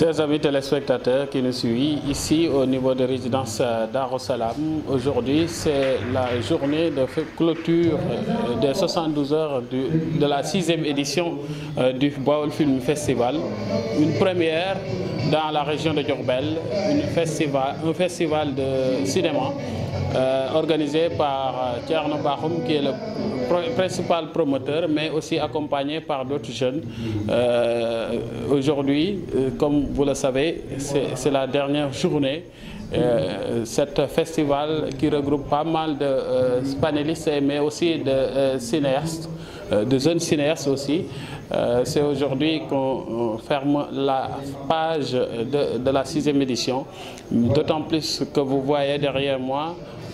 Chers amis téléspectateurs qui nous suivent ici au niveau de résidence euh, d'Arosalam, aujourd'hui c'est la journée de clôture euh, des 72 heures de la sixième édition euh, du Baol Film Festival. Une première dans la région de Djurbel, un festival de cinéma euh, organisé par euh, Tierno Bahoum, qui est le principal promoteur, mais aussi accompagné par d'autres jeunes. Euh, aujourd'hui, comme vous le savez, c'est la dernière journée euh, cet festival qui regroupe pas mal de panélistes mais aussi de cinéastes, de jeunes cinéastes aussi. C'est aujourd'hui qu'on ferme la page de, de la sixième édition, d'autant plus que vous voyez derrière moi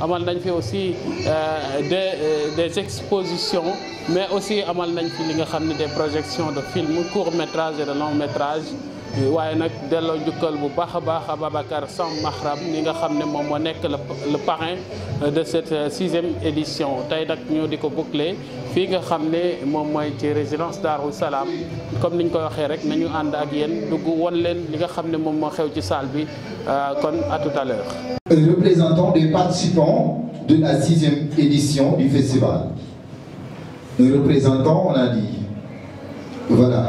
amal nañ fi aussi euh, euh, des expositions mais aussi amal des projections de films courts-métrages et de longs-métrages waaye nag delloo njukkal bu baax a baax a Babacar Sam Mahram ni nga xam ne moom moo le parrain de cette euh, sixième édition tey nag ñu di ko boucler fii nga xam ne moom ci résidence Darou Salam. comme niñ koy waxee rek nañu ànd ak yéen dugg won leen li nga xam ne moom xew ci salle bi euh, kon à tout à l'heure représentant des participants de la sixième édition du festival un représentant on a dit voilà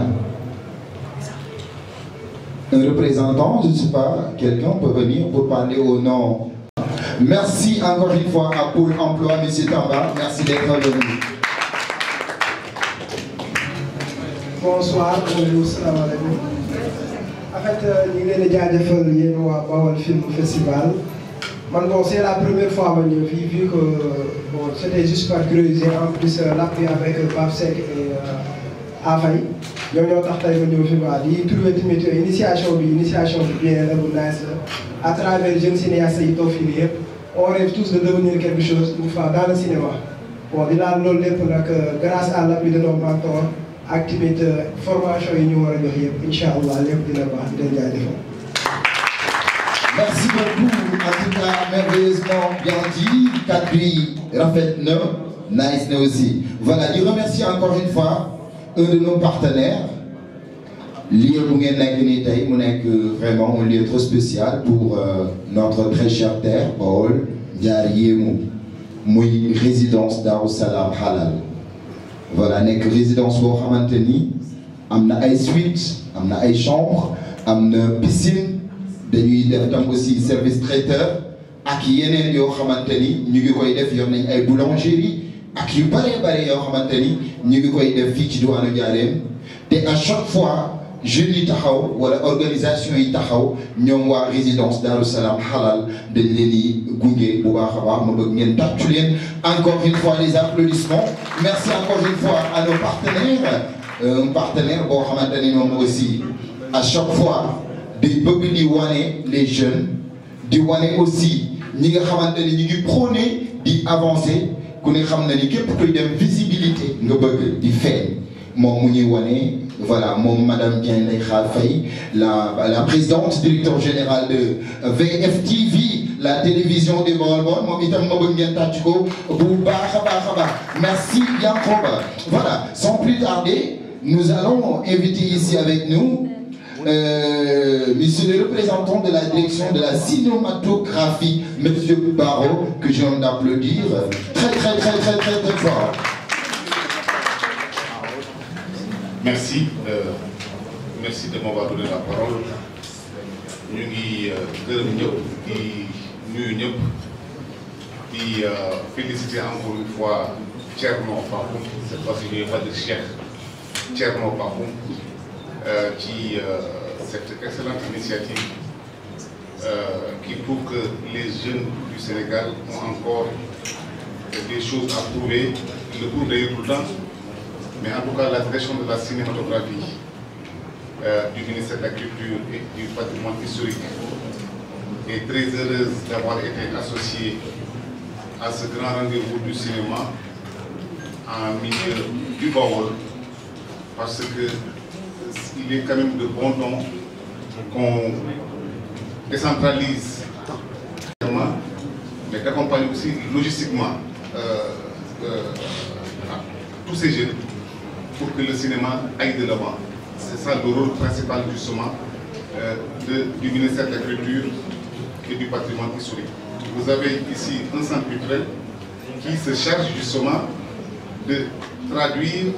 un représentant, je ne sais pas, quelqu'un peut venir pour parler au nom. Merci encore une fois à Pôle emploi, M. Tamba. Merci d'être venu. Bonsoir, bonjour, salam alaikum. En fait, nous sommes déjà fait le film festival. c'est la première fois que j'ai vu que euh, bon, c'était juste par curiosité. En plus, euh, l'appui avec Babsek euh, et. Afay ñoom ñoo tax tey ma ñëw fi quoi di trouver tamit initiation bi initiation bien la nice à travers jeunes cinéastes et toog fii on rêve tous de devenir quelque chose pour faire dans le cinéma bon di laal loolu euh, grâce à l'appui de nos mentors ak la euh, formation et ñu war a jox yëpp incha allah lépp dina baax di leen merci beaucoup à tout cas merveilleusement bien dit kaddu yi rafet nice na aussi voilà je remercie encore une fois un de nos partenaires lieu bu ngeen vraiment un lieu trop spécial pour euh, notre très chère terre Paul qui est une résidence Darou Halal voilà une résidence boo xamante amna am suite amna chambre amna piscine dañuy def a aussi service traiteur ak yeneen y a ñu ngi koy def une boulangerie ak yu bëree bëri yoo xamante ni ñu ngi koy def fii ci diwaanu Njaareem te à chaque fois jeunes yi taxaw wala organisation yi taxaw avons waa résidence Darou Salam Halal de leen di gunge bu baax a baax ma bëgg encore une fois les applaudissements merci encore une fois à nos partenaires euh, un partenaire boo xamante nous aussi à chaque fois des bëgg di wane les jeunes di wane aussi ñi nga xamante ni ngi prôné di avancer ku ne xam na ni képp kuy dem visibilité nga bëgg di feeñ moom mu ñuy wane voilà moom madame bien Ndeye Khar la la présidente directeur général de VFTV la télévision de Baol-Baol moom itam ma bëgg ngeen tàcc bu baax a baax merci Yankoba voilà sans plus tarder nous allons inviter ici avec nous monsieur le représentant de la direction de la cinématographie, monsieur Barreau, que j'ai envie d'applaudir très, très, très, très, très, très fort. Merci. Euh, merci de m'avoir donné la parole. nous ngi euh, gërëm ñëpp euh, encore une fois Thierno Bakhoum cette fois-ci pas wax chère Thierno Bakhoum euh, qui, euh, cette excellente initiative euh, qui prouve que les jeunes du Sénégal ont encore des choses à prouver, le cours d'ailleurs tout le temps, mais en tout cas la direction de la cinématographie du ministère de la Culture et du patrimoine historique est très heureuse d'avoir été associée à ce grand rendez-vous du cinéma en milieu du Bawol parce que il est quand même de bon ton qu'on décentralise, mais qu'accompagne aussi logistiquement euh, euh, tous ces jeunes pour que le cinéma aille de l'avant. C'est ça le rôle principal justement euh, de, du ministère de la Culture et du patrimoine historique. Vous avez ici un centre culturel qui se charge justement de traduire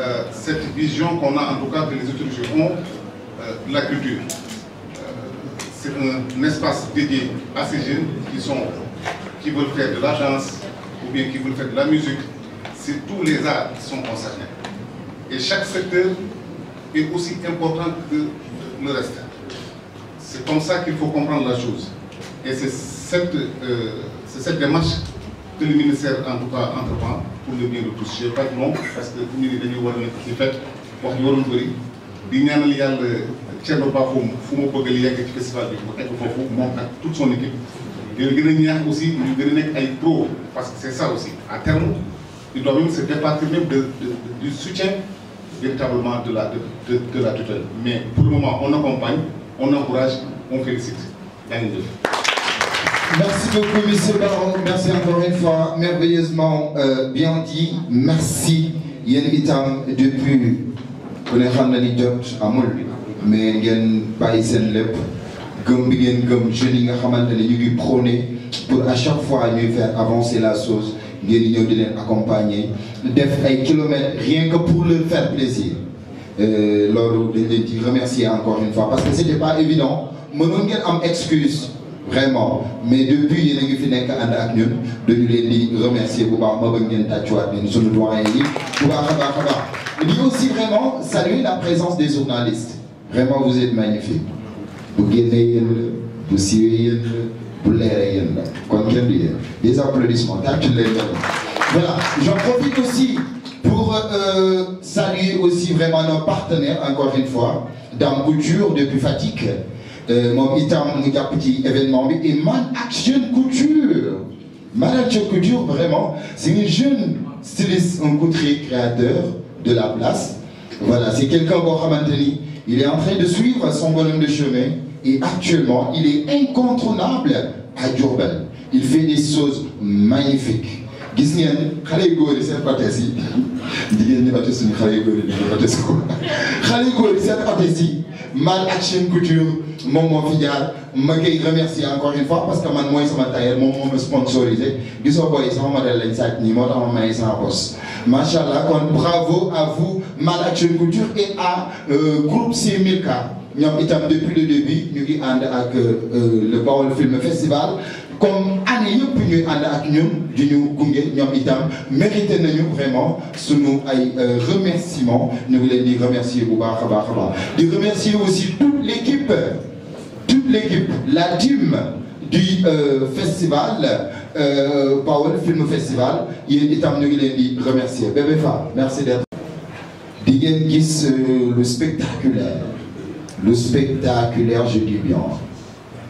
euh, cette vision qu'on a en tout cas que les étudiants euh, de la culture. Euh, c'est un espace dédié à ces jeunes qui, sont, qui veulent faire de la ou bien qui veulent faire de la musique. C'est tous les arts qui sont concernés. Et chaque secteur est aussi important que le reste. C'est comme ça qu'il faut comprendre la chose. Et c'est cette, cette démarche que le ministère en tout cas entreprend pour le bien de tous je pas de nom parce que nit ñi nous war a nekk pour nous wax yu waroon bëri di ñaanal yàlla Thierno Bakhoum fu ma bëgg li yegg festival toute son équipe Et le a aussi le gën est pro parce que c'est ça aussi À terme il doit même se départir même de, du soutien véritablement de la de, la tutelle mais pour le moment on accompagne on encourage on félicite yaa Merci beaucoup, Monsieur Baron. Merci encore une fois. Merveilleusement euh, bien dit. Merci. yéen itam depuis que ne xam na ni jot amul mais yen baïsen lep, lépp gëm bi ngeen gëm jeunes yi nga xamante ne pour à chaque fois mieux faire avancer la chose yen ñëw de l'accompagner accompagner def des kilomètres rien que pour leur faire plaisir euh, loolu leur leen remercier encore une fois parce que ce n'était pas évident mënoon ngeen am excuse vraiment mais depuis y a des gens qui ànd ak ñun Je leen remercie remercier bu ma pour ngeen tàccuwaat leen suñu doyen yi bu baax a aussi vraiment saluer la présence des journalistes vraiment vous êtes magnifiques. Pour génnee pour la pour siwee yéen la des applaudissements voilà j'en profite aussi pour euh, saluer aussi vraiment nos partenaires encore une fois Dame Couture depuis fatigue il y a événement mais et man action couture man action couture vraiment c'est une jeune styliste un couturier créateur de la place voilà c'est quelqu'un qu'on il est en train de suivre son volume de chemin et actuellement il est incontournable à Durban, il fait des choses magnifiques gis ngeen xale yu góor yi seen baptême yi jigéen ñi baptême suñu xale yu góor yi ñu ngi ko xale yu góor yi seen baptême yi man ak Chaîne Couture moom moo fi jaar ma koy remercier encore une fois parce que man mooy sama tailleur moom moo ma sponsorisé gisoo booy sama model lañ sàcc nii moo tax ma may sama boss. macha allah kon bravo à vous man ak Chaîne Couture et à euh, groupe 6000K ñoom itam depuis le début ñu ngi ànd ak euh, euh, le Baol Film Festival comme année yëpp ñuy and ak ñun di ñu de ñoom itam mérité nañu vraiment suñu ay euh, remerciements ñu ngi leen remercier bu baax baax remercier aussi toute l'équipe toute l'équipe la team du euh, festival euh, le Film Festival yéen itam ñu ngi leen di remercier Bébé Fa merci d'être di gis le spectaculaire le spectaculaire je dis bien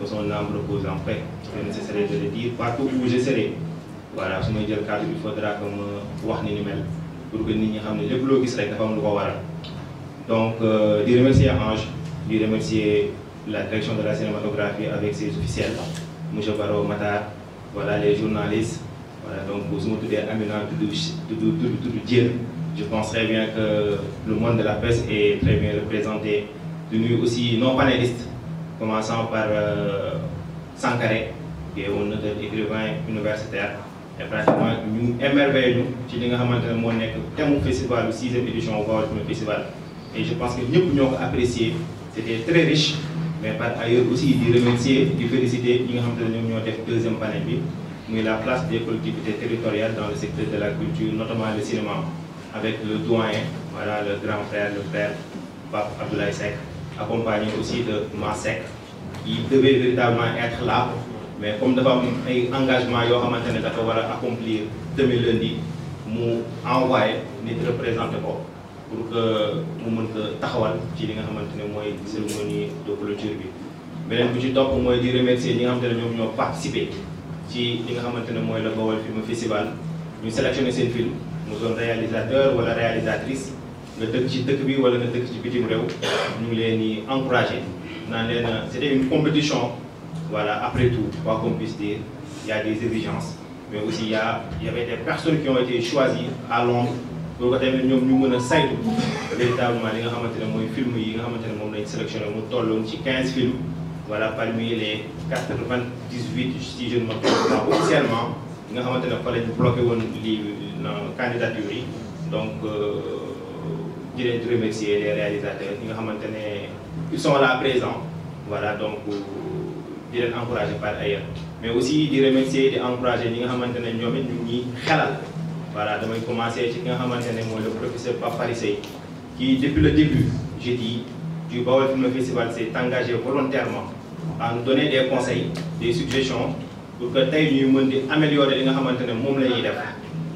que son âme repose en paix. C'est nécessaire de le dire partout où j'essaierai. voilà si may le cadre il faudra que je wax ni ni pour que je ñi le ne lépp le gis rek dafa am donc je euh, remercie Ange je remercie la direction de la cinématographie avec ses officiels monsieur Baro Matar voilà les journalistes voilà donc vous êtes tous de de de je pense très bien que le monde de la presse est très bien représenté de nous aussi non panélistes commençant par euh, Sankaré, qui est un autre écrivain universitaire. Et pratiquement, nous émerveillons nous le festival, la 6e édition du festival. Et je pense que nous avons apprécié. C'était très riche, mais par ailleurs aussi de remercier, de féliciter nous avons fait deuxième panel, mais la place des collectivités territoriales dans le secteur de la culture, notamment le cinéma, avec le doyen, voilà, le grand frère, le père Pape Abdoulaye Sek accompagné aussi de Masek, qui devait véritablement être là mais comme nous avons un engagement à xamante dafa accomplir demain lundi avons envoyé notre représenté pour que nous mën monde taxawal ci nous nga puissions ne cérémonie de nous bi le bu ci topp je di remercier ñi nga participé à ce nga la Film Festival ñu sélectionné ces films, nous sommes réalisateurs ou réalisatrices, nga dëkk ci dëkk bi wala nga dëkk ci bitim réew ñu ngi leen di encouragé naan c'était une compétition voilà après tout quoi qu'on il y a des exigences mais aussi il y avait des personnes qui ont été choisies à Londres pour que tamit ñoom ñu mën a saytu véritablement li nga xamante ne mooy film yi nga xamante ne moom lañ sélectionné mu tolloon ci 15 films voilà parmi les 98 si je ne me trompe pas officiellement nga xamante ne fa lañ bloqué woon lii euh, candidature yi donc. Euh, je voudrais remercier les réalisateurs qui sont là présents. Voilà, donc di les par ailleurs mais aussi voudrais remercier et encourager les gens qui sont ñoom commencé ci nga le professeur Pape qui depuis le début j'ai dit du Bawal Film Festival s'est engagé volontairement à nous donner des conseils des suggestions pour que nous puissions améliorer les nga qui ne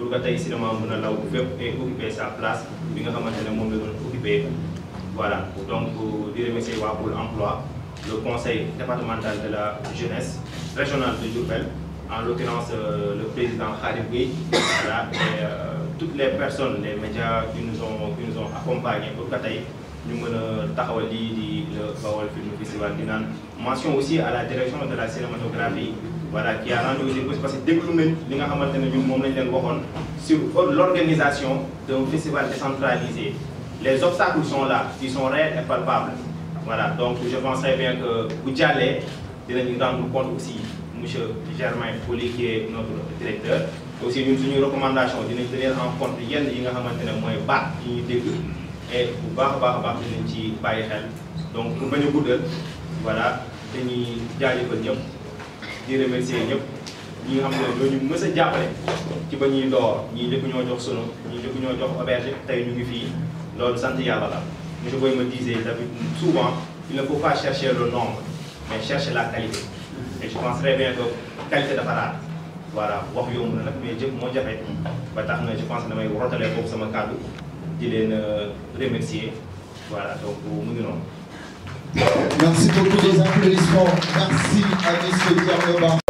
pour que le cinéma mën a law et occuper sa place bi nga xamante voilà donc dire remercier waa pour emploi le conseil départemental de la jeunesse régionale de Diourbel en l'occurrence euh, le président Khalid voilà et euh, toutes les personnes les médias qui nous ont qui nous ont accompagnés pour que ñu le Bawal Film Festival mention aussi à la direction de la cinématographie voilà qui a rendu parce que sur l'organisation d'un festival décentralisé les obstacles sont là ils sont réels et palpables voilà donc je pense bien que bu jàllee dinañu rendre compte aussi monsieur Germain Poli qui est notre directeur aussi ñun une recommandation de tenir en compte yenn et donc voilà di remercier ñëpp ñi nga xam ne ñoo ñu mës a jàppale ci ba ñuy door ñii njëkk ñoo jox sunu ñii njëkk ñoo jox auberge tey ñu ngi fii loolu sant yàlla la monsieur Boye ma disait tamit souvent il ne faut pas chercher le nombre mais chercher la qualité et je pense très bien que qualité dafa raar voilà wax yomb na nag mais jëf moo jafe ba tax na je pense damay rotalee foofu sama kàddu di leen euh, remercier voilà donc mu ngi noonu Merci beaucoup des applaudissements. Merci à M. Pierre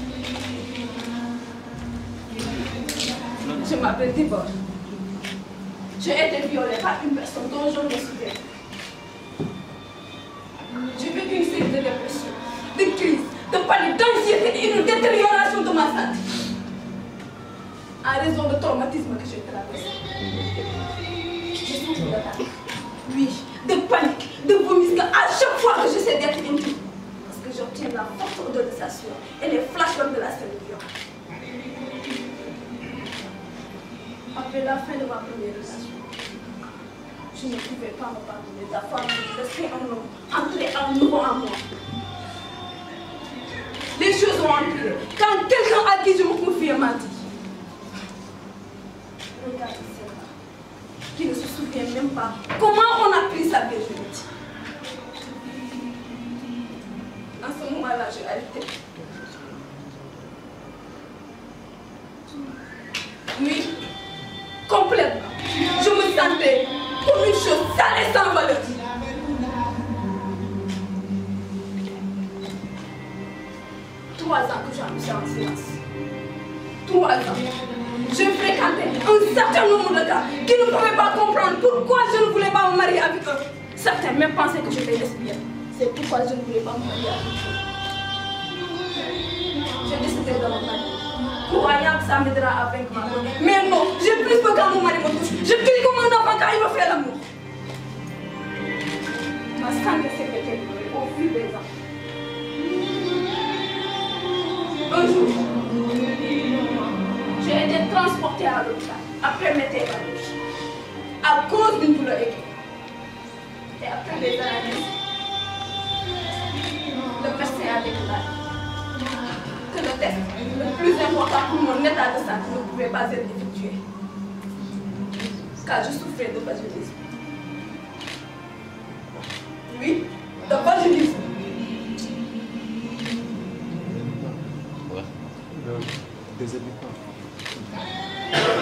スト登場です。Trois ans que j'ai en silence. Trois ans. Je fréquentais un certain nombre de gars qui ne pouvaient pas comprendre pourquoi je ne voulais pas me marier avec eux. Certains même pensaient que je j'étais lesbienne. C'est pourquoi je ne voulais pas me marier avec eux. J'ai décidé de me marier croyant que ça m'aidera à vaincre ma Mais non, j'ai plus peur quand mon mari me touche. Je crie comme un enfant quand il me fait l'amour scandale de sécurité au fil des ans. Un jour, j'ai été transportée à l'hôpital après mes tétanismes à cause d'une douleur aiguë. Et après les analyses, le médecin a déclaré que le test le plus important pour mon état de santé ne pouvait pas être effectué car je souffrais de vaginisme. Oui T'as pas de livre Ouais. Euh, des habitants.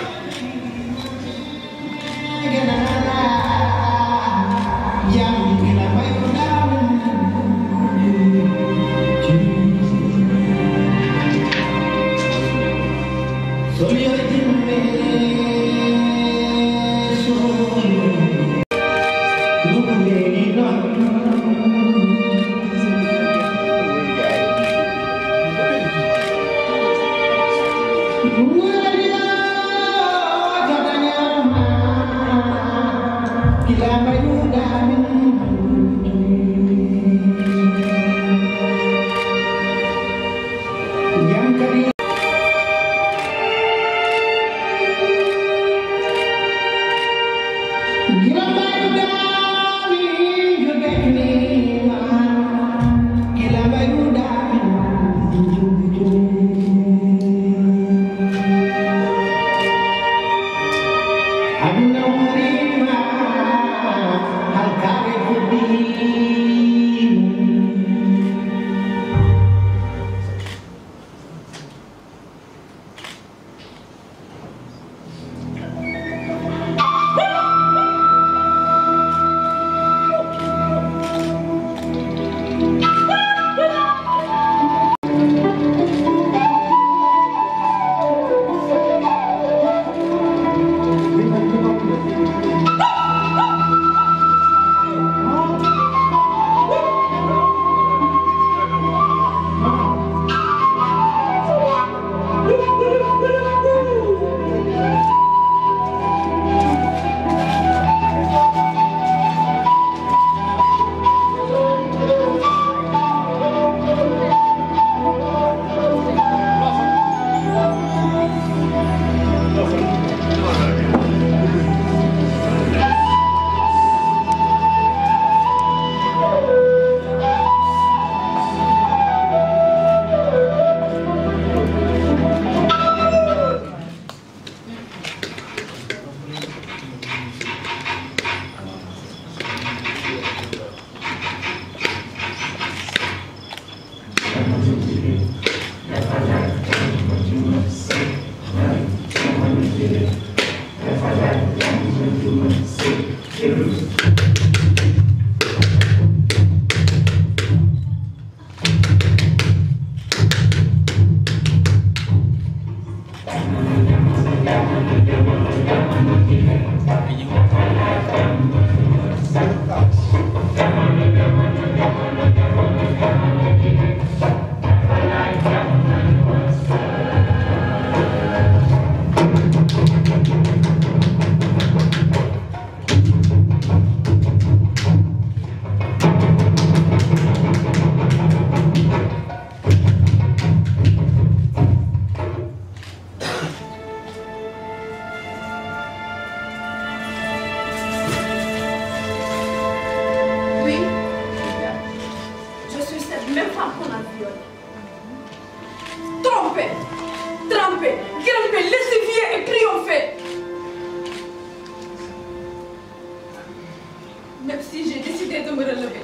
même si j'ai décidé de me relever.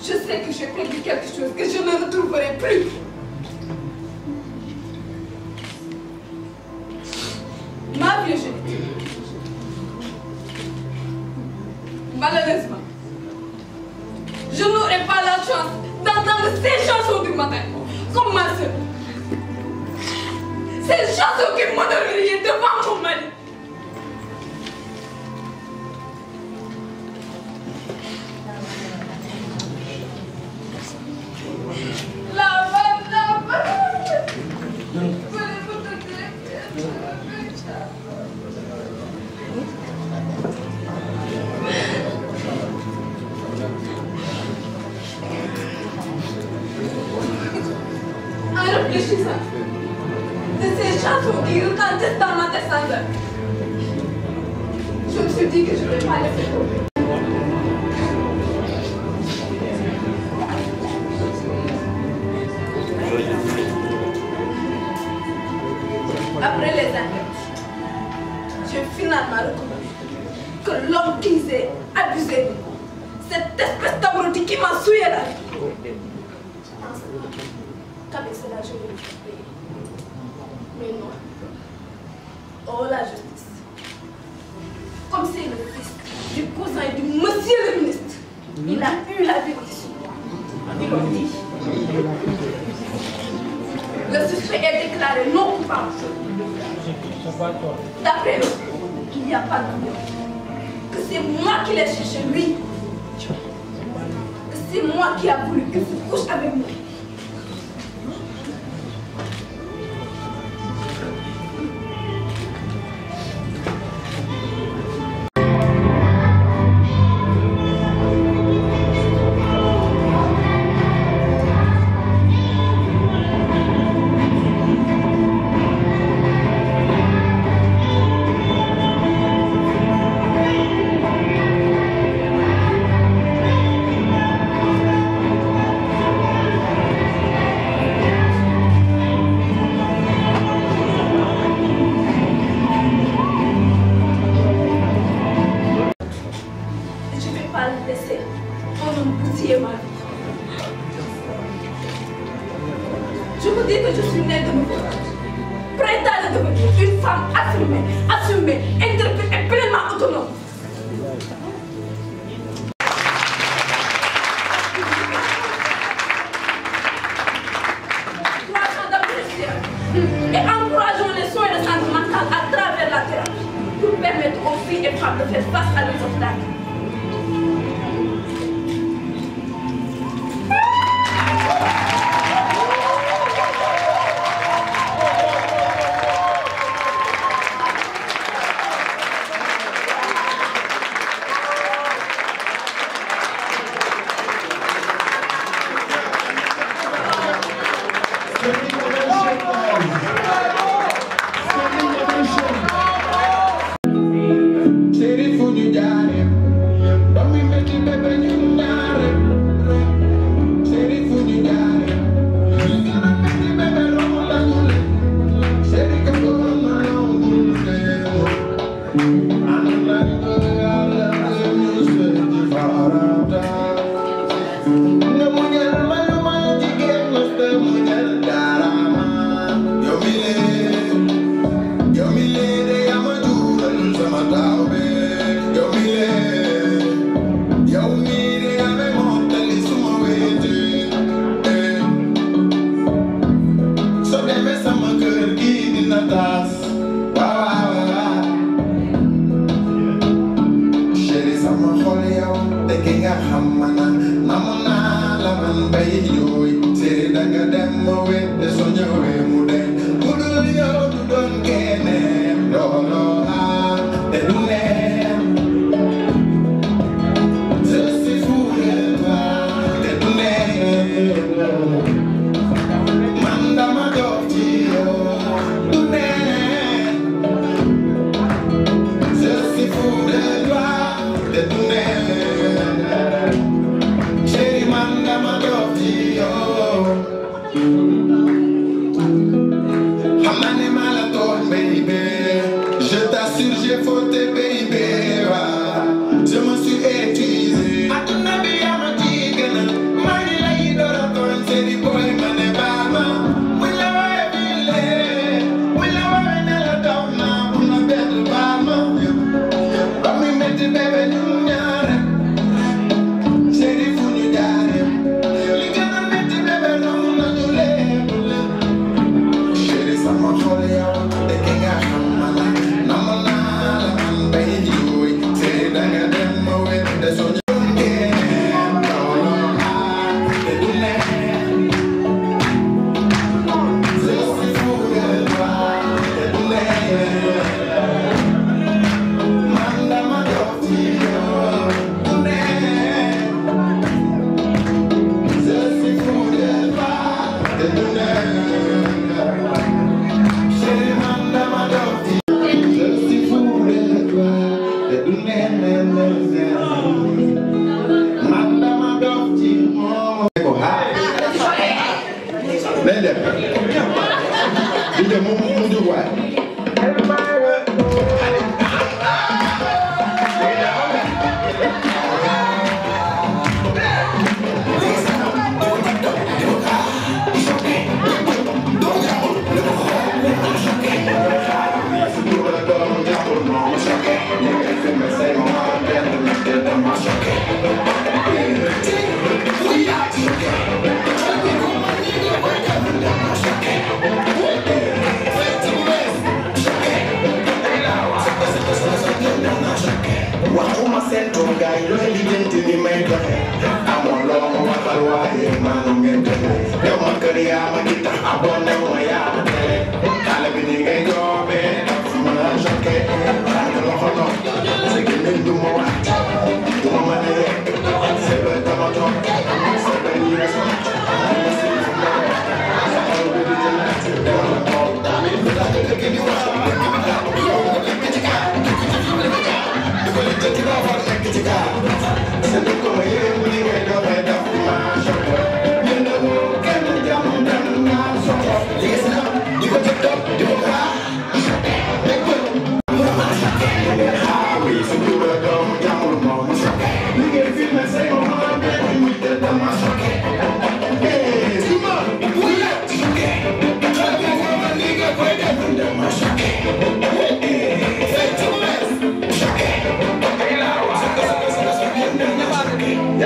Je sais que j'ai perdu quelque chose que je ne retrouverai plus. et du monsieur le ministre. Il a eu la vérité Il m'a dit. Le suspect est déclaré non coupable. D'après nous, il n'y a pas de Que c'est moi qui l'ai cherché, lui. Que c'est moi qui a voulu que se couche avec moi. ya makita abone wa ya te kala bi ni ngay jobe mala jokke ak loxo no se to se ba ni na so Take to me, you need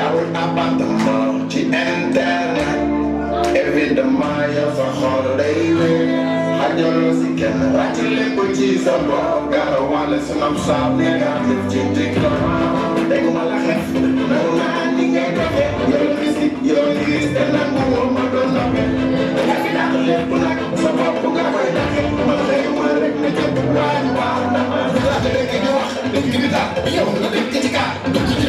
Yahweh abandonó te entera Evita Maia só roda daily Haja não se quer Rati limpo de sabor Cara wale se não sabe Negative de ticlo Tengo mala jefe Não há ninguém pra ver Eu disse, eu disse Ela não ama dona ver Happy na rolê Punak Só pra pugar vai dar Mas eu não rei Me tempo Vai, vai, vai Lá de bem que eu acho Bem que me dá Eu não bem que te cá Bem que te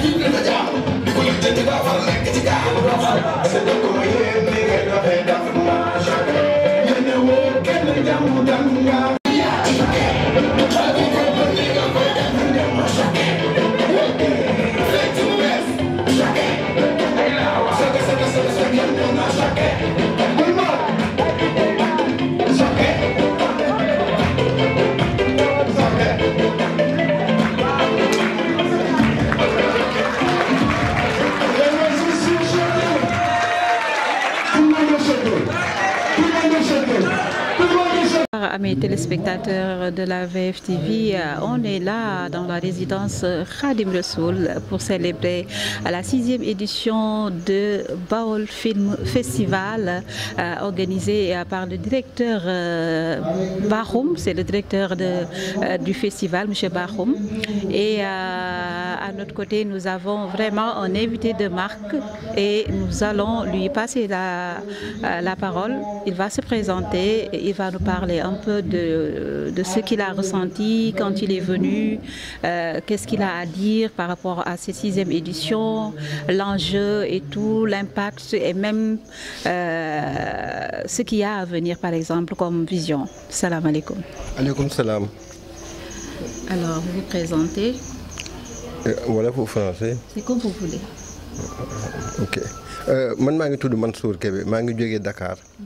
Yeah. téléspectateurs de la VFTV, euh, on est là dans la résidence Khadim rassoul pour célébrer la sixième édition de Baol Film Festival euh, organisé euh, par le directeur Bahoum, c'est le directeur du festival, M. Bahoum. Et à notre côté, nous avons vraiment un invité de marque et nous allons lui passer la, la parole. Il va se présenter, et il va nous parler un peu de, ce qu'il a ressenti quand il est venu, euh, qu'est-ce qu'il a à dire par rapport à cette sixième édition, l'enjeu et tout, l'impact et même euh, ce qu'il y a à venir, par exemple, comme vision. Salam alaikum. Alaikum salam. Alors, vous vous présentez euh, Voilà pour français. C'est comme vous voulez. Ok. je suis Mansour Dakar. Mhm.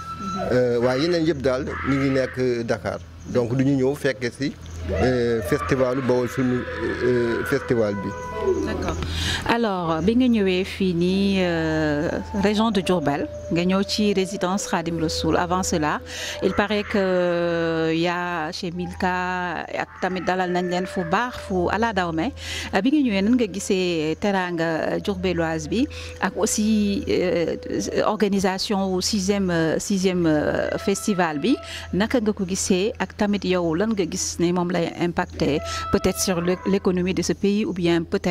Euh, waa yeneen yëpp daal ñu ngi nekk Dakar donc du ñu ñëw fekke si euh, festivalu Bawol Film euh, festival bi d'accord alors bi nga ñëwee fii euh, région de Diourbel nga ñëw ci résidence Khadim Rassoul avant cela il paraît que il euh, y a chez Milka ak dalal nañ leen fu baax fu ala dawme bi nga ñëwee nan nga gisee teraanga diourbelloise bi ak aussi euh, organisation wu sixième sixième festival bi naka nga ko gisee ak tamit yow lan nga gis lay impacter peut-être sur l'économie de ce pays ou bien peut-être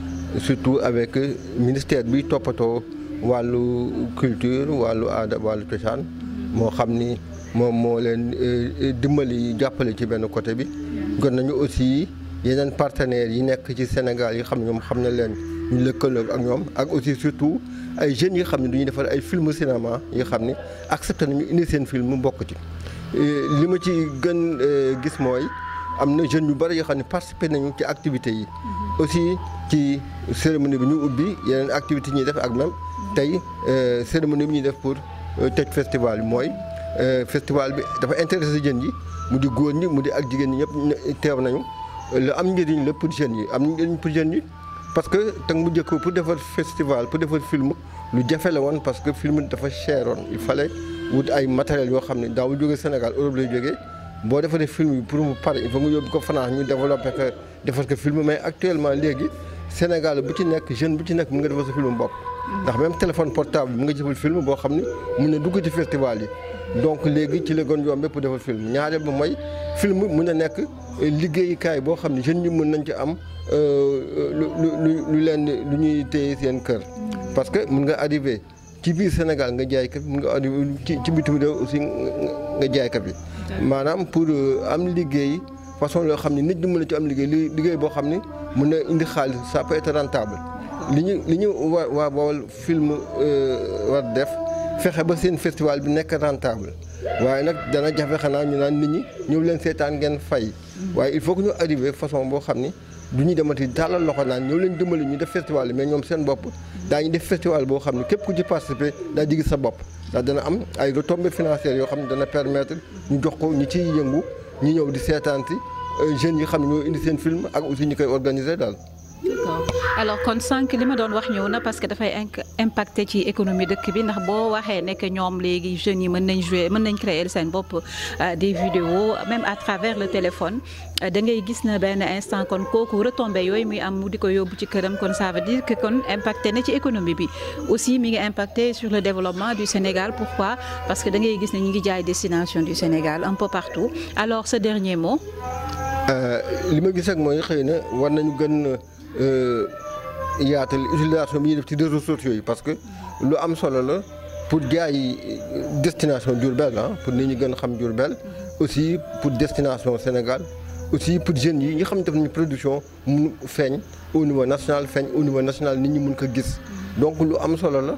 surtout avec ministère bi toppatoo wàllu culture wàllu aada wàllu cosaan moo xam ni moom moo leen eh, eh, dimbali jàppale ci benn côté bi gën nañu aussi yeneen partenaires yi nekk ci Sénégal yi xam ne ñoom xam na leen ñu lëkkaloog ak ñoom ak aussi surtout ay jeunes yi xam ne duñuy defar ay film cinéma yi xam ni accepté nañu indi seen film mbokk ci eh, li ma ci gën gis mooy am na jeunes yu bari yoo xam ne participé nañu ci activités yi. aussi ci cérémonie bi ñu ubbi yeneen activité ñuy def ak même tey euh, cérémonie bi ñuy def pour euh, tëj festival bi mooy euh, festival bi dafa intéressé jeunes yi mu di góor ñi mu di ak jigéen ñi ñëpp teew nañu. lu am njëriñ la pour jeunes yi am njëriñ pour jeunes yi parce que tag mu njëkk pour defar festival pour defar film lu jafe la woon parce que film dafa cher woon il fallait wut ay matériels yoo xam ne daaw jóge Sénégal Europe lay jógee. boo defaree film yi pour mu par il mu nga ko fanaan ñu développé ko defar ko film mais actuellement léegi Sénégal bu ci nekk jeune bu ci nekk mën nga defar sa film bopp. ndax même téléphone portable mu nga jëfal film boo xam ni mu ne dugg ci festival yi. donc léegi ci la gën yomb pour defar film ñaareel ba mooy film mun na nekk liggéeyukaay boo xam ne jeunes yi mën nañ ci am euh, lu lu lu leen lu ñuy téye seen kër. parce que mun nga arrivé ci biir Sénégal nga jaay ko mun nga arrivé ci bitim réew aussi nga jaay bi maanaam pour euh, am liggéey façon loo xam ne nit du mën na ci am liggéey li liggéey boo xam ni mën na indi xaalis sa peut rentable li ñu li ñu wa waa Bawol film euh, war def fexe ba seen festival bi nekk rentable waaye nag dana jafe xanaa ñu naan nit ñi ñëw leen seetaan ngeen fay hmm. waaye il faut que ñu arrivé façon boo xam ni du ñu demati tàllal loxo naan ñëw leen dimbali ñu def festival yi ñoom seen bopp hmm. ñu def festival boo xam ne képp ku ci participé daa jigi sa bopp ndax dana am ay retombées financières yo xam dana permettre ñu jox ko ñi ci yëngu ñi ñëw di sétanti euh, jeune yi xam ñoo indi seen film ak aussi ñi koy organiser dal alors kon sank lima ma doon wax ñëw na parce que dafay impacté ci économie dëkk bi ndax boo waxee nekk ñoom léegi jeunes yi mën nañ jouer mën nañ créer seen bopp euh, des vidéos même à travers le téléphone da ngay gis na ben instant kon koku retombé yoy muy am mu di ko yóbbu ci këram kon ça veut dire que kon impacté na ci économie bi aussi mi ngi impacté sur le développement du Sénégal pourquoi parce que da ngay gis ne ñu ngi jaay destination du Sénégal un peu partout alors ce dernier mot. Euh, li ma gis ak moy xëy na war nañu gën euh, yaatal utilisation mi def ci réseaux ressources yoy parce que lu am solo la pour gars destination Diourbel hein pour nit ñi gën xam Diourbel aussi pour destination Sénégal aussi pour jeunes yi nga xam ne def production mun feeñ au niveau national feeñ au niveau national nit ñi mun ko gis mm-hmm. donc lu am solo la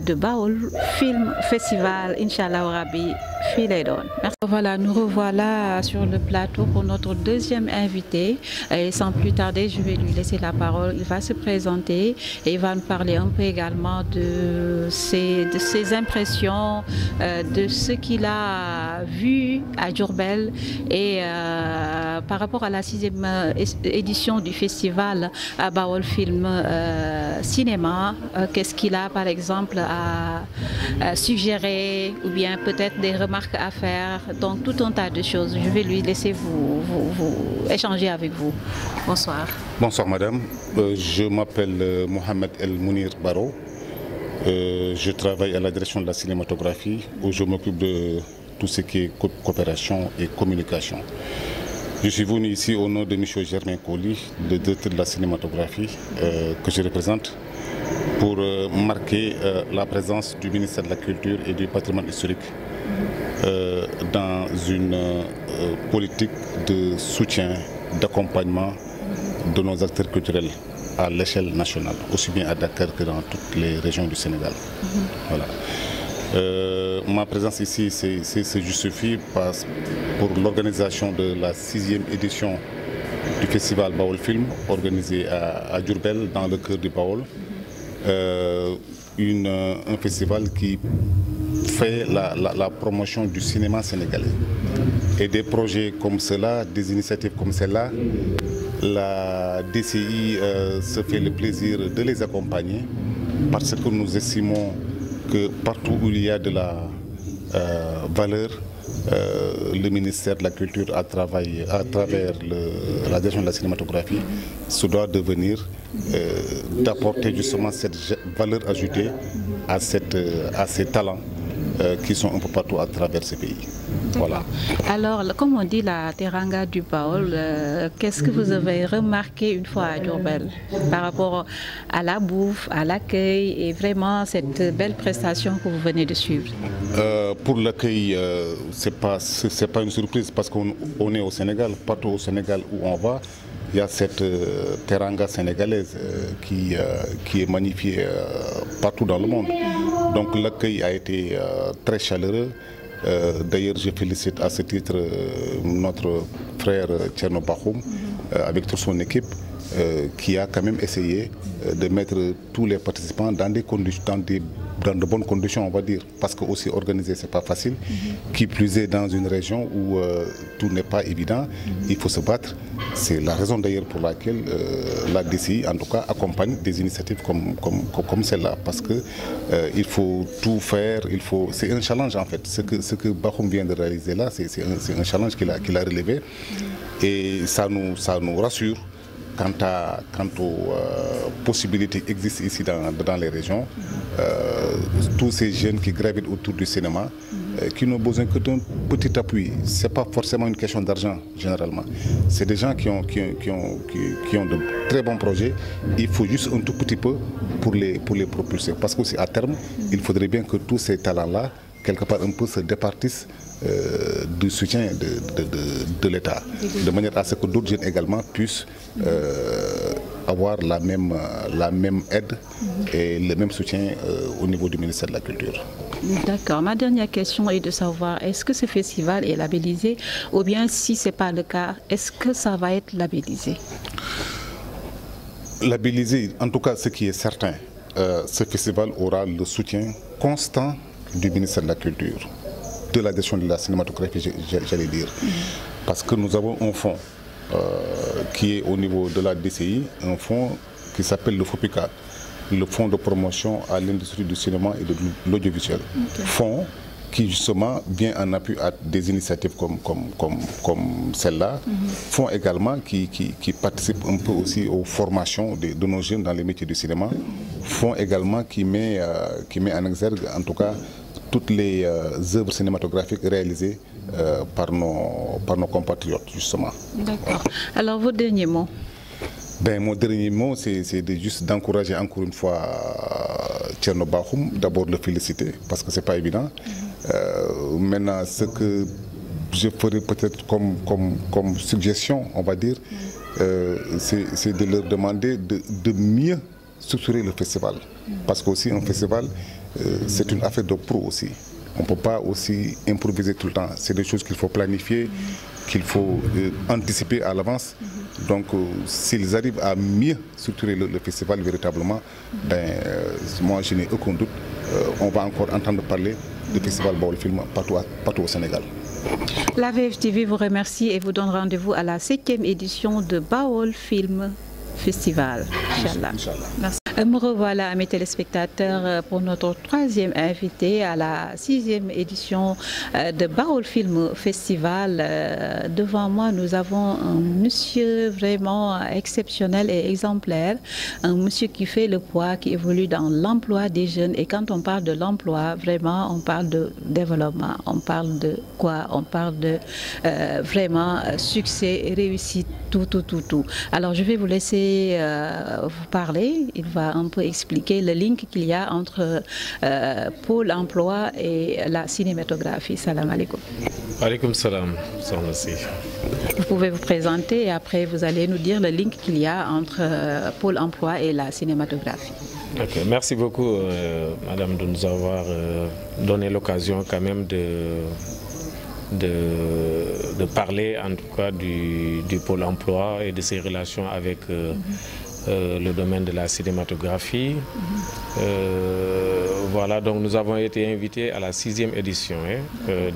de Baoul Film Festival, Inch'Allah Rabi, Merci. Voilà, nous revoilà sur le plateau pour notre deuxième invité. Et sans plus tarder, je vais lui laisser la parole. Il va se présenter et il va nous parler un peu également de ses, impressions, euh, de ce qu'il a vu à Djourbel et euh, par rapport à la sixième édition du festival à Baoul Film euh, Cinéma. Qu'est-ce qu'il a, par exemple, à, suggérer ou bien peut-être des remarques à faire. Donc tout un tas de choses. Je vais lui laisser vous, échanger avec vous. Bonsoir. Bonsoir madame. Euh, je m'appelle euh, Mohamed El Mounir Baro. Euh, je travaille à la direction de la cinématographie où je m'occupe de tout ce qui est coopération et communication. Je suis venu ici au nom de Michel Germain Colli, le directeur de la cinématographie que je représente pour euh, marquer euh, la présence du ministère de la Culture et du patrimoine historique euh, dans une politique de soutien, d'accompagnement de nos acteurs culturels à l'échelle nationale, aussi bien à Dakar que dans toutes les régions du Sénégal. Voilà. ma présence ici se justifie pour l'organisation de la sixième édition du festival Baoul Film, organisé à, Durbel, dans le cœur du Baoul. Euh, une, euh, un festival qui fait la, promotion du cinéma sénégalais. Et des projets comme cela, des initiatives comme cela, la DCI euh, se fait le plaisir de les accompagner parce que nous estimons que partout où il y a de la valeur, euh, le ministère de la Culture a travaillé à travers la direction de la cinématographie, ce doit devenir euh, d'apporter justement cette valeur ajoutée à, cette, euh, à ces talents. Euh, qui sont un peu partout à travers ce pays. Alors, comme on dit la Teranga du Baol, euh, qu'est-ce que vous avez remarqué une fois à Durbel par rapport à la bouffe, à l'accueil et vraiment cette belle prestation que vous venez de suivre euh, Pour l'accueil, euh, ce n'est pas, une surprise parce qu'on est au Sénégal, partout au Sénégal où on va. Il y a cette teranga sénégalaise qui, qui est magnifiée partout dans le monde. Donc l'accueil a été euh, très chaleureux. Euh, d'ailleurs, je félicite à ce titre euh, notre frère Tcherno mhm. avec toute son équipe qui a quand même essayé de mettre tous les participants dans des conditions, dans de bonnes conditions, on va dire, parce que aussi organiser, c'est pas facile. Mhm. Qui plus est, dans une région où euh, tout n'est pas évident, mhm. il faut se battre. C'est la raison d'ailleurs pour laquelle euh, la DCI, en tout cas, accompagne des initiatives comme, comme, celle-là, parce que euh, il faut tout faire, il faut. C'est un challenge en fait. Ce que, ce que vient de réaliser là, c'est un, challenge qu'il a, qu'il a relevé, mhm. et ça nous, ça nous rassure quant, à, aux euh, possibilités qui existent ici dans, dans les régions, euh, tous ces jeunes qui gravitent autour du cinéma, euh, qui n'ont besoin que d'un petit appui. Ce n'est pas forcément une question d'argent, généralement. C'est des gens qui ont, qui, ont, qui, ont, de très bons projets. Il faut juste un tout petit peu pour les, pour les propulser. Parce qu'à terme, il faudrait bien que tous ces talents-là, quelque part un peu, se départissent euh, du soutien de, de, de, l'État, de manière à ce que d'autres jeunes également puissent euh, avoir la même, euh, la même aide et le même soutien au niveau du ministère de la Culture. D'accord. Ma dernière question est de savoir est-ce que ce festival est labellisé ou bien si ce n'est pas le cas, est-ce que ça va être labellisé Labellisé, en tout cas ce qui est certain, ce festival aura le soutien constant du ministère de la Culture de la gestion de la cinématographie, j'allais dire. Mm-hmm. Parce que nous avons un fonds euh, qui est au niveau de la DCI, un fonds qui s'appelle le FOPICA, le fonds de promotion à l'industrie du cinéma et de l'audiovisuel. Fonds qui justement vient en appui à des initiatives comme, comme, celle-là, mm-hmm. Fonds également qui, qui, participent un peu aussi aux formations de, nos jeunes dans les métiers du cinéma, mm-hmm. Fonds également qui met, euh, qui met en exergue en tout cas toutes les euh, œuvres cinématographiques réalisées euh, par, nos, par nos compatriotes, justement. D'accord. Alors, vos derniers mots ben, mon dernier mot, c'est de juste d'encourager encore une fois euh, Tchernobahoum, d'abord le féliciter, parce que ce n'est pas évident. maintenant, ce que je ferai peut-être comme, comme, comme, suggestion, on va dire, c'est de leur demander de, de mieux structurer le festival. Parce qu'aussi un festival, euh, c'est une affaire de pro aussi. On ne peut pas aussi improviser tout le temps. C'est des choses qu'il faut planifier, qu'il faut euh, anticiper à l'avance. Donc, euh, s'ils arrivent à mieux structurer le, festival véritablement, ben, moi, je n'ai aucun doute. on va encore entendre parler du festival Baol Film partout, au Sénégal. La VFTV vous remercie et vous donne rendez-vous à la 7e édition de Baol Film Festival. Inch'Allah. Me revoilà à mes téléspectateurs euh, pour notre troisième invité à la sixième édition euh, de Baroul Film Festival. Euh, devant moi, nous avons un monsieur vraiment exceptionnel et exemplaire, un monsieur qui fait le poids, qui évolue dans l'emploi des jeunes. Et quand on parle de l'emploi, vraiment, on parle de développement, on parle de quoi On parle de vraiment succès, réussite, tout, tout, tout, tout. Alors, je vais vous laisser vous parler. Il va on un peu expliquer le lien qu'il y a entre euh, Pôle emploi et la cinématographie. Salam alaikum. Alaikum salam. Vous pouvez vous présenter et après vous allez nous dire le lien qu'il y a entre euh, Pôle emploi et la cinématographie. Merci beaucoup, euh, Madame, de nous avoir donné l'occasion quand même de de, parler en tout cas du, Pôle emploi et de ses relations avec mhm. Euh, le domaine de la cinématographie. Mhm. Euh, voilà, donc nous avons été invités à la sixième édition hein, euh,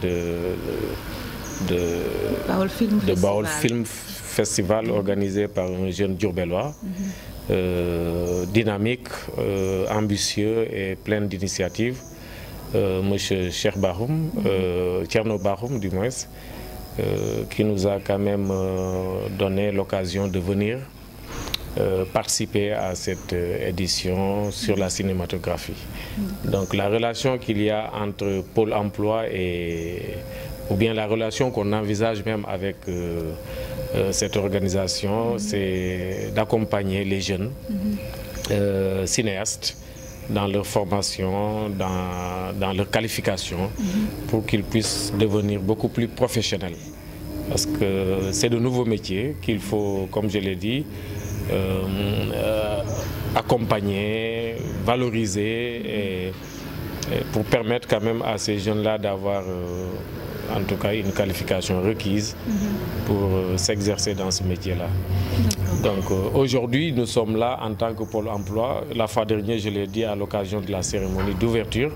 de, de, Film, Festival. organisé par un jeune Djourbelois. Mhm. dynamique, ambitieux et plein d'initiatives. monsieur Cher mhm. euh, Tcherno du moins, qui nous a quand même donné l'occasion de venir euh, participer à cette euh, édition sur la cinématographie. Mm. Donc la relation qu'il y a entre Pôle emploi et ou bien la relation qu'on envisage même avec euh, cette organisation, mm-hmm. c'est d'accompagner les jeunes mm-hmm. cinéastes dans leur formation, dans, leur qualification, mm-hmm. pour qu'ils puissent devenir beaucoup plus professionnels. Parce que c'est de nouveaux métiers qu'il faut, comme je l'ai dit, euh, euh, accompagner, valoriser et, pour permettre quand même à ces jeunes-là d'avoir euh, en tout cas une qualification requise mhm. pour s'exercer dans ce métier-là. Donc aujourd'hui, nous sommes là en tant que Pôle emploi. La fois dernière, je l'ai dit à l'occasion de la cérémonie d'ouverture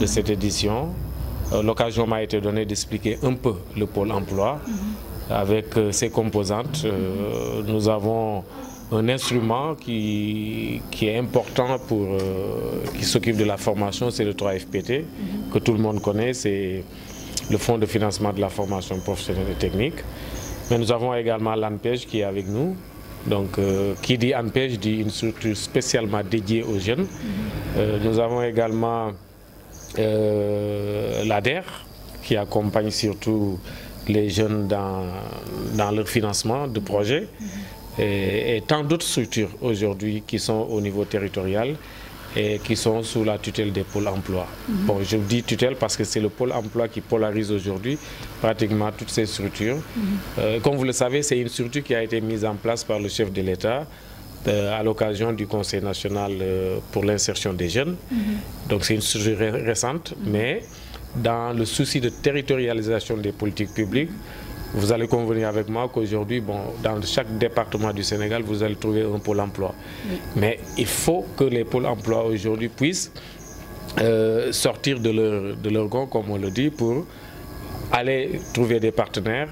de cette édition. L'occasion m'a été donnée d'expliquer un peu le Pôle emploi mhm. avec ses composantes. nous avons un instrument qui, qui est important pour euh, qui s'occupe de la formation, c'est le 3FPT, mhm. que tout le monde connaît, c'est le Fonds de financement de la formation professionnelle et technique. Mais nous avons également l'ANPEJ qui est avec nous. Donc, euh, qui dit ANPEJ dit une structure spécialement dédiée aux jeunes. Mhm. Euh, nous avons également l'ADER qui accompagne surtout les jeunes dans, dans leur financement de projets. Mhm et, tant d'autres structures aujourd'hui qui sont au niveau territorial et qui sont sous la tutelle des pôles emploi. Mhm. Bon, je dis tutelle parce que c'est le pôle emploi qui polarise aujourd'hui pratiquement toutes ces structures. Mhm. Euh, comme vous le savez, c'est une structure qui a été mise en place par le chef de l'État euh, à l'occasion du Conseil national euh, pour l'insertion des jeunes. Mhm. Donc c'est une structure récente, mais dans le souci de territorialisation des politiques publiques, vous allez convenir avec moi qu'aujourd'hui, bon, dans chaque département du Sénégal, vous allez trouver un pôle emploi. Mais il faut que les pôles emploi aujourd'hui puissent euh, sortir de leur, de leur comme on le dit, pour aller trouver des partenaires,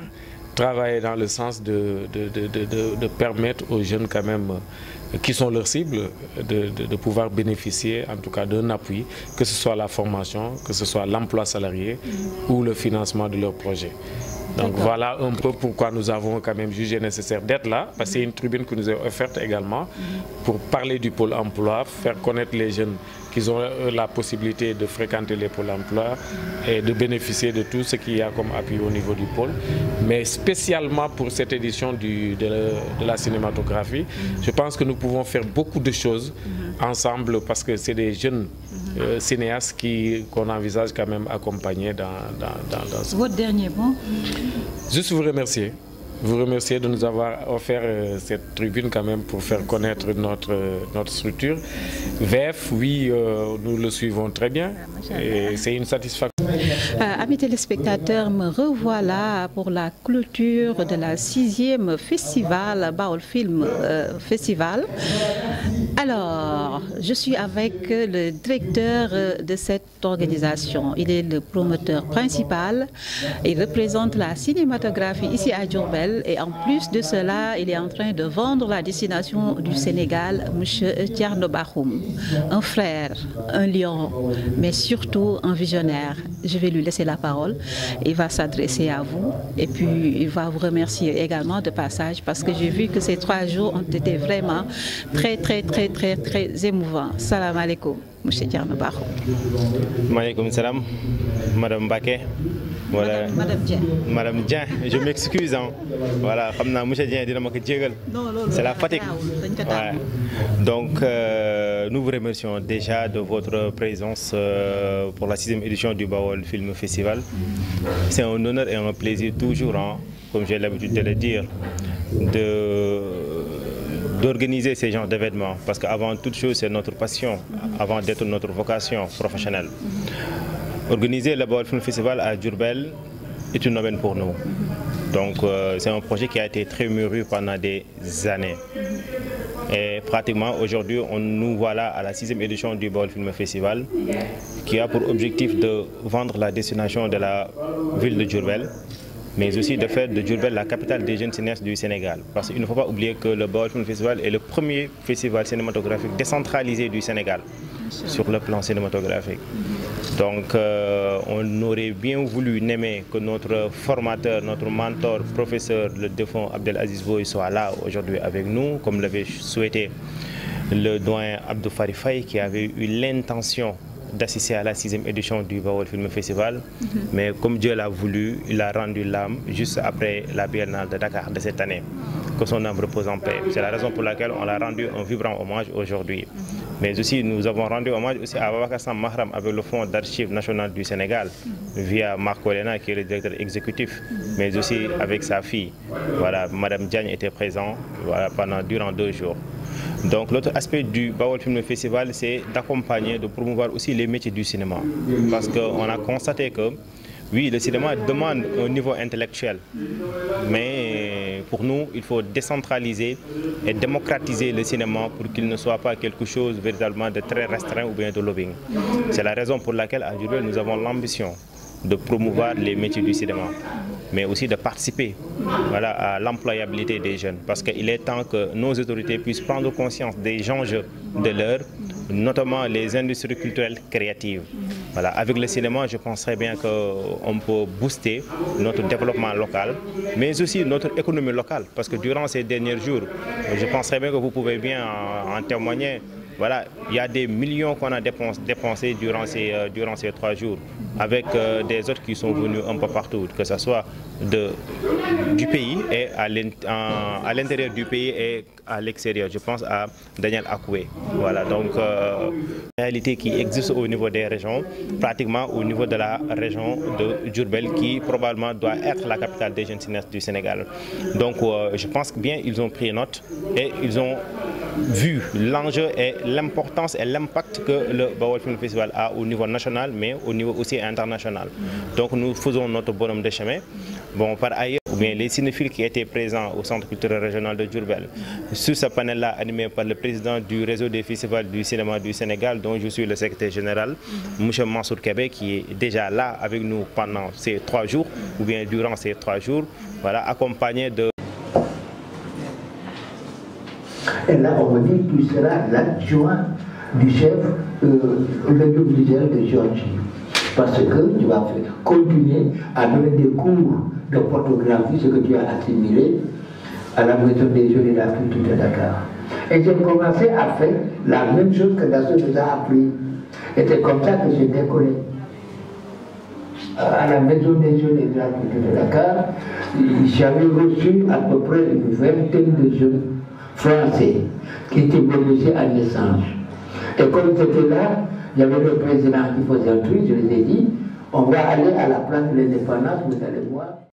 travailler dans le sens de, de, permettre aux jeunes quand même euh, qui sont leurs cibles de, pouvoir bénéficier en tout cas d'un appui, que ce soit la formation, que ce soit l'emploi salarié mm-hmm. ou le financement de leur projet. Donc voilà un peu pourquoi nous avons quand même jugé nécessaire d'être là, parce que c'est une tribune que nous est offerte également mhm. pour parler du pôle emploi, faire connaître les jeunes qu'ils ont euh, la possibilité de fréquenter les pôles emploi et de bénéficier de tout ce qu'il y a comme appui au niveau du pôle. Mais spécialement pour cette édition de, la cinématographie, mhm. je pense que nous pouvons faire beaucoup de choses mhm. ensemble parce que c'est des jeunes euh, cinéaste qui, qu'on envisage quand même accompagner dans, ce... Votre dernier mot Juste vous remercier vous remercier de nous avoir offert euh, cette tribune quand même pour faire connaître notre, euh, notre structure. VEF, oui, euh, nous le suivons très bien et c'est une satisfaction. amis téléspectateurs, me revoilà pour la clôture de la sixième festival, Baol Film Festival. Alors, je suis avec le directeur de cette organisation. Il est le promoteur principal. Il représente la cinématographie ici à Djourbel et en plus de cela, il est en train de vendre la destination du Sénégal, M. Tierno Bahoum. Un frère, un lion, mais surtout un visionnaire. Je vais lui laisser la parole. Il va s'adresser à vous et puis il va vous remercier également de passage parce que j'ai vu que ces trois jours ont été vraiment très, très, très, très, très émouvants. Salam alaikum, M. Tierno Bahoum. Madame Baké voilà madame Jean, je m'excuse hein. voilà comme c'est la fatigue donc euh, nous vous remercions déjà de votre présence euh, pour la sixième édition du Baol Film Festival c'est un honneur et un plaisir toujours hein, comme j'ai l'habitude de le dire de d'organiser ces genres d'événements parce qu'avant toute chose c'est notre passion avant d'être notre vocation professionnelle Organiser le Bawal Film Festival à Djurbel est une aubaine pour nous. Donc euh, c'est un projet qui a été très mûri pendant des années. Et pratiquement aujourd'hui, on nous voilà à la sixième édition du Bawal Film Festival qui a pour objectif de vendre la destination de la ville de Djurbel, mais aussi de faire de Djurbel la capitale des jeunes cinéastes du Sénégal. Parce qu'il ne faut pas oublier que le Bawal Film Festival est le premier festival cinématographique décentralisé du Sénégal sur le plan cinématographique. Donc euh, on aurait bien voulu n'aimer que notre formateur, notre mentor, professeur, le défunt Abdelaziz Boy soit là aujourd'hui avec nous, comme l'avait souhaité le doyen Abdou Farifay qui avait eu l'intention d'assister à la sixième édition du Baouel Film Festival. Mhm. Mais comme Dieu l'a voulu, il a rendu l'âme juste après la Biennale de Dakar de cette année. Que son âme repose en paix. C'est la raison pour laquelle on l'a rendu un vibrant hommage aujourd'hui. Mhm. Mais aussi, nous avons rendu hommage aussi à Babakassam Mahram avec le Fonds d'archives nationales du Sénégal, via Marc Lena qui est le directeur exécutif, mais aussi avec sa fille. Voilà, Madame Diagne était présente voilà, pendant, durant deux jours. Donc l'autre aspect du Bawal Film Festival, c'est d'accompagner, de promouvoir aussi les métiers du cinéma. Parce qu'on a constaté que oui, le cinéma demande au niveau intellectuel, mais pour nous, il faut décentraliser et démocratiser le cinéma pour qu'il ne soit pas quelque chose véritablement de très restreint ou bien de lobbying. C'est la raison pour laquelle à Duruel, nous avons l'ambition de promouvoir les métiers du cinéma, mais aussi de participer voilà, à l'employabilité des jeunes. Parce qu'il est temps que nos autorités puissent prendre conscience des enjeux de l'heure notamment les industries culturelles créatives. avec le cinéma, je penserais bien qu'on peut booster notre développement local, mais aussi notre économie locale, parce que durant ces derniers jours, je penserais bien que vous pouvez bien en témoigner, voilà, il y a des millions qu'on a dépensés dépensé durant, ces, euh, durant ces trois jours, avec euh, des autres qui sont venus un peu partout, que ce soit du pays et à l'intérieur du pays et à l'extérieur. Je pense à Daniel Akoué. Voilà, donc euh, réalité qui existe au niveau des régions, pratiquement au niveau de la région de Djurbel, qui probablement doit être la capitale des jeunes du Sénégal. Donc je pense que bien, ils ont pris note et ils ont vu l'enjeu et l'importance et l'impact que le Bawal Film Festival a au niveau national, mais au niveau aussi international. Donc nous faisons notre bonhomme de chemin. Bon, par ailleurs, bien les cinéphiles qui étaient présents au Centre culturel régional de Djurbel, sur ce panel-là animé par le président du réseau des festivals du cinéma du Sénégal, dont je suis le secrétaire général, M. Mansour Kébé, qui est déjà là avec nous pendant ces trois jours, ou bien durant ces trois jours, voilà, accompagné de Et là, on me dit, tu seras l'adjoint du chef euh, docteur de Géorgie. Parce que tu vas continuer à donner des cours de photographie, ce que tu as assimilé à la maison des jeunes et de la de Dakar. Et j'ai commencé à faire la même chose que Dassault nous a appris. Et c'est comme ça que j'ai décollé. À la maison des jeunes et de la culture de Dakar, j'avais reçu à peu près une vingtaine de jeunes français qui était belge à naissance. Et comme j'étais là, il y avait le président qui faisait un truc, je lui ai dit, on va aller à la place de l'indépendance, vous allez voir.